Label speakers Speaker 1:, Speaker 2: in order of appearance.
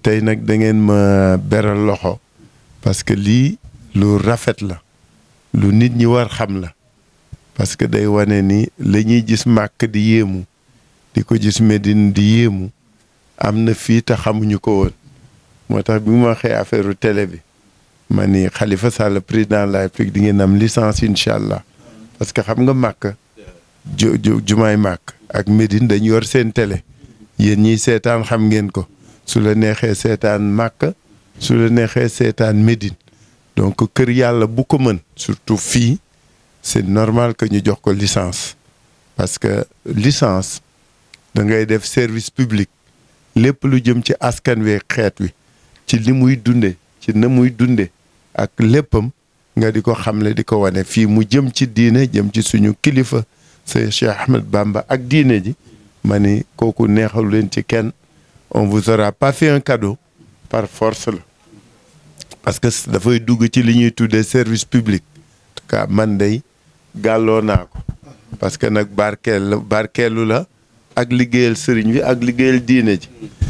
Speaker 1: tey nag da ngeen ma beral loxo parce que lii lu rafet la lu nit ñi war xam la parce que day wane ni lañuy gis màkk di yéemu di ko gis Medine di yéemu am na fii te xamuñu ko woon moo tax bi mu waxee affaire tele bi ma ni xalifa Sall président de la République di ngeen am licence incha allah parce que xam nga màkk ju jumaay màkk ak Medine dañ yor seen tele yéen ñiy seetaan xam ngeen ko su la neexee seetaan màkk su la neexee seetaan Médine donc kër yàlla bu ko mën surtout fii c'est normal que ñu jox ko licence parce que licence da ngay def service public lépp lu jëm ci askan wi xeet wi ci li muy dunde ci na muy dunde ak léppam nga di ko xamle di ko wane fii mu jëm ci diine jëm ci suñu kilifa c'est Cheikh Ahmed Bamba ak diine ji ma ni kooku neexalu leen ci kenn on vous aura pas par force la parce que dafay dugg ci li ñuy tuddee service public en tout man dey galloo naa ko parce que nag barkeel la barkeelu la ak liggéeyal sëriñ bi ak liggéeyal diine ji